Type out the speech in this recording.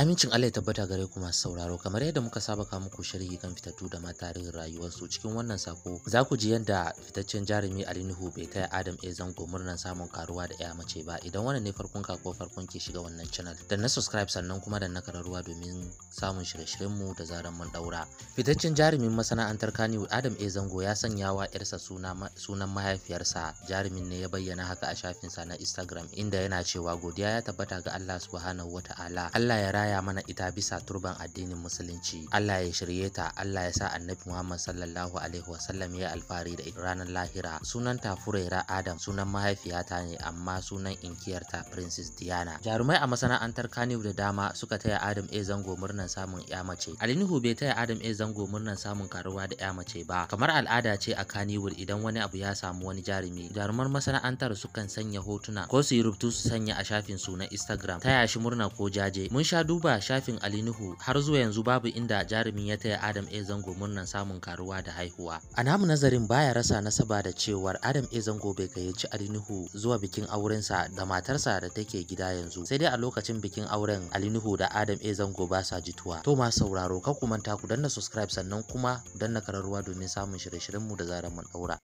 Amincin Allah ya tabbata gare ku masu sauraro kamar yadda muka saba ka muku sharhi kan fitattu da ma tarihin rayuwarsu cikin wannan sako za ku ji yadda fitaccen jarumi Ali Nuhu bai taya Adam A zango murnar samun karuwa da ya mace ba idan wannan ne farkon ka ko farkon ke shiga wannan channel da na subscribe sannan kuma da na domin samun shirye-shiryen mu da zaran mun daura fitaccen jarumin masana'antar Kaniwood Adam A zango ya sanya wa yarsa sunan mahaifiyarsa jarumin ne ya bayyana haka a shafinsa na Instagram inda yana cewa godiya ya tabbata ga Allah subhanahu wata'ala Allah ya raya gaya mana ita bisa turban addinin musulunci Allah ya shirye ta Allah ya sa annabi Muhammad sallallahu alaihi wasallam ya alfahari da ranar lahira sunan ta Furaira Adam sunan mahaifiyata ne amma sunan inkiyarta Princess Diana jarumai a masana'antar Kaniwu da dama suka taya Adam A Zango murnan samun ya mace Alinuhu bai taya Adam A Zango murnan samun karuwa da ya mace ba kamar al'ada ce a Kaniwu idan wani abu ya samu wani jarumi jarumar masana'antar sukan sanya hotuna ko su yi rubutu su sanya a shafin su na Instagram taya shi murna ko jaje mun sha duba duba shafin Ali Nuhu har zuwa yanzu babu inda jarumin ya taya Adam A Zango murnan samun karuwa da haihuwa. A namu nazarin baya rasa nasaba da cewar Adam A Zango bai gayyaci Ali Nuhu zuwa bikin aurensa da matarsa da take gida yanzu. Sai dai a lokacin bikin auren Ali Nuhu da Adam A Zango ba sa jituwa. To ma sauraro ka ku manta ku danna subscribe sannan kuma ku danna kararrawa domin samun shirye-shiryenmu da zarar mun daura.